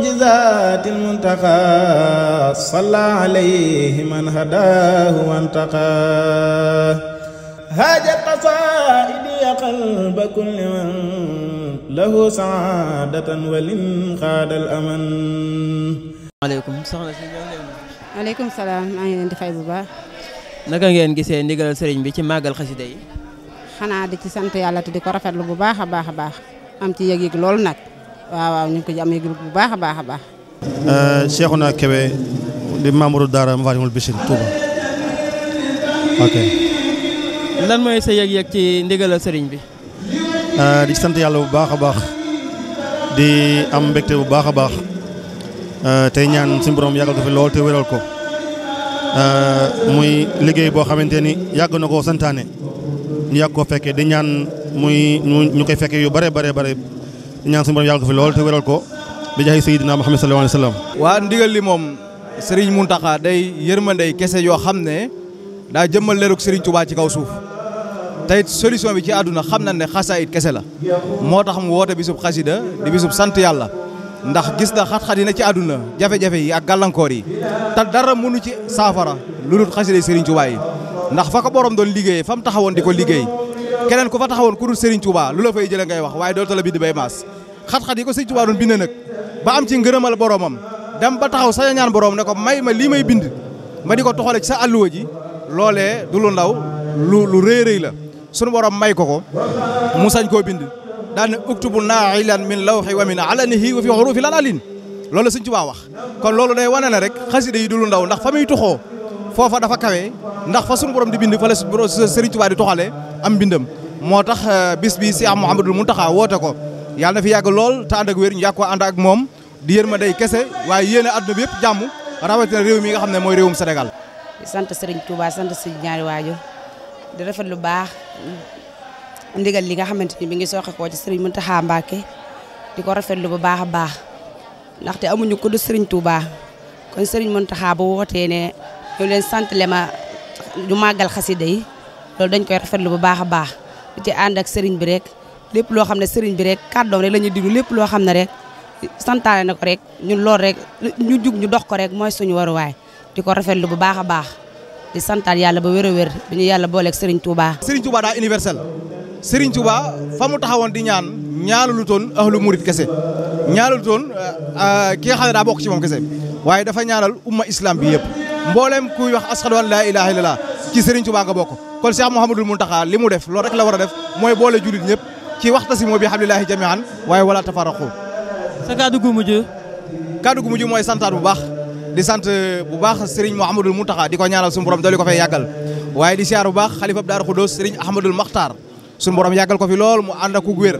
معجزات المنتقى صلى عليه من هداه وانتقاه هاج قصائد يا قلب كل من له سعادة ولن خاد الأمن maaleykum soxna si ñoo ngi leen maaleykum salaam maa ngi leen di fay bu baax naka ngeen gisee ndigalal sëriñ bi ci màggal xasida yi xanaa di ci sant yàlla te di ko rafetlu bu baax a baax a baax am ci yëg-yëg loolu nag waaw waaw ñu ko ci amee groupe bu baax a baax a baax. Euh, naa kewe di membre daara Mafaatihul Bichri Touba. ok. lan mooy sa yëg-yëg ci ndigalal sëriñ bi. Euh, di sant yàlla bu baax a baax di am mbégte bu baax a baax euh, tey ñaan suñu borom yàggal ko fi lool te wéral ko muy liggéey boo xamante ni yàgg na koo santaane ñu yàgg koo fekkee di ñaan muy ñu koy fekkee yu bare bare bare. ñaan suñu borom yàlla ko fi loolu te wéral ko bi jaay Seydina Muhammad sallallahu alayhi wa sallam. waa ndigal li moom Serigne Mountakha day yërmandey kese yoo xam ne daa jëmmal leerug Serigne Touba ci kaw suuf tayit solution bi ci àdduna xam na ne xasaayit kese la moo tax mu woote bisub xasida di bisub sant yàlla ndax gis na xat-xat yi na ci àdduna jafe-jafe yi ak gàllankoor yi te dara mënu ci saafara lu dul xasida Serigne Touba yi ndax fa ko borom doon liggéeyee fa mu taxawoon di ko liggéey keneen ku fa taxawoon ku dul Serigne Touba lu la fay jëlee ngay wax waaye dootoo la bi di bay maas xat-xat yi ko Serigne Touba doon bind nag ba am ci ngërëmal boromam dem ba taxaw sañ a ñaan borom ne ko may ma lii may bind ma di ko toxalee ci sa àlluwa ji loolee du lu ndaw lu lu rëy rëy la sunu borom may ko ko mu sañ koo bind daal ne uktubu naaxilan min lawxi wa min alanihi wa fi xurufi lan alin loolu la Serigne Touba wax kon loolu day wane ne rek xasida yi du lu ndaw ndax fa muy tuxoo foofa dafa kawe ndax fa suñu borom di bind fa la Serigne Touba di toxalee am bindam motax bis bi Cheikh amadou muntaha woote ko yàlla na fi yag lool ta ànd ak wér ñu yakko ko ànd ak moom di yërma day kessé waaye yene a bi yëpp jàmm rawati réew mi nga xamné moy mooy réewum Sénégal. sante Serigne Touba sante si ñaari wajjo di rafet lu baax ndigal li nga xamanteni mi ngi soxe ko ci Serigne muntaha mbake di ko lu bu baax a baax ndaxte amuñu ko do Serigne Touba kon Serigne muntaha bu woté ne. ñoo leen sant lema ñu màggal xasida yi loolu dañ koy rafetlu bu baax a baax di ci ànd ak sëriñ bi rek lépp loo xam ne sëriñ bi rek kàddoom rek la ñuy diglu lépp loo xam ne rek santaane na ko rek ñun loolu rek ñu jug ñu dox ko rek mooy suñu waruwaay di ko rafetlu bu baax a baax di santaan yàlla ba wér a wér bi ñu yàlla booleeg sëriñ Touba. sëriñ Touba daa universel sëriñ Touba fa mu taxawoon di ñaan ñaanalu toon ahlu murid kese ñaanalu toon euh, euh, ki nga xam ne daa bokk ci moom kese waaye dafa bi yëpp. mboolem kuy wax ashadu an laa ilaha illallah ci Serigne Touba nga bokk kon Cheikh Mouhamadul Mountakha li mu def loolu rek la war a def mooy boole jullit ñëpp ci waxtasimu bi hablillahi jami'an waaye wala tafarraqu sa kaddu gu mujj kaddu gu mujj mooy santaat bu baax di sant bu baax Serigne Mouhamadul Mountakha di ko ñaanal suñu borom dooli ko fay yàggal waaye di siyaar bu baax xalifab Daaru Xudoos Serigne Ahmadul Maxtaar suñu borom yàggal ko fi lool mu ànd ak ku wér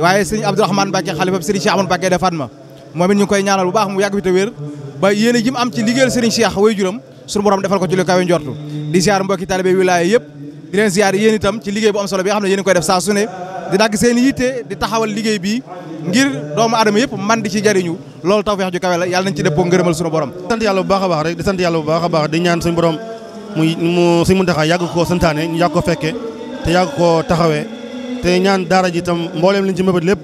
waaye Serigne Abdourahmane Mbacke xalifab Serigne Cheikh Ahmadou Mbacke de Fatma moom it ñu koy ñaanal bu baax mu yàgg fi te wér ba yéene am ci liggéeyal Serigne Cheikh way juram suñu borom defal ko ci lu kawe njortu di ziar mbokki talibé wilaya yëpp di leen ziar saa su liggéey bi ngir doomu aadama yëpp man di ci jariñu loolu tawfeex ju kawe la yàlla nañ ci dëppoo ngërëmal suñu borom di sant yàlla bu baax a baax rek di sant yàlla bu baax a baax mu suñu yàgg koo santaane ñu yàgg ko fekke te yàgg koo taxawee te ñaan daara ji itam mbooleem liñ ci mëbët lépp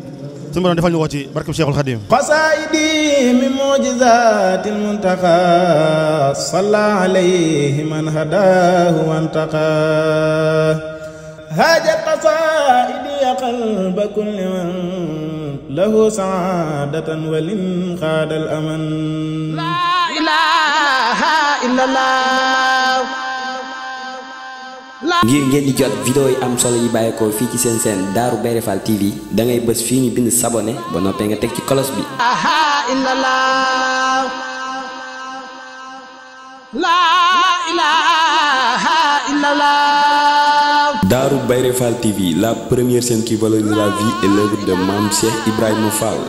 سمبر ديفال نيو واتي بركم الخديم قصائدي من معجزات المنتقى صلى عليه من هداه وانتقى هاج قصائدي يا قلب كل من له سعادة ولن قاد الأمن لا إله إلا الله ngir ngeen di jot vidéo yi am solo TV da ngay bës bin ñu bind sabonné ba kolos bi. Darou TV la première chaîne qui valorise la vie et l'œuvre de mam Cheikh ibrahim Fall.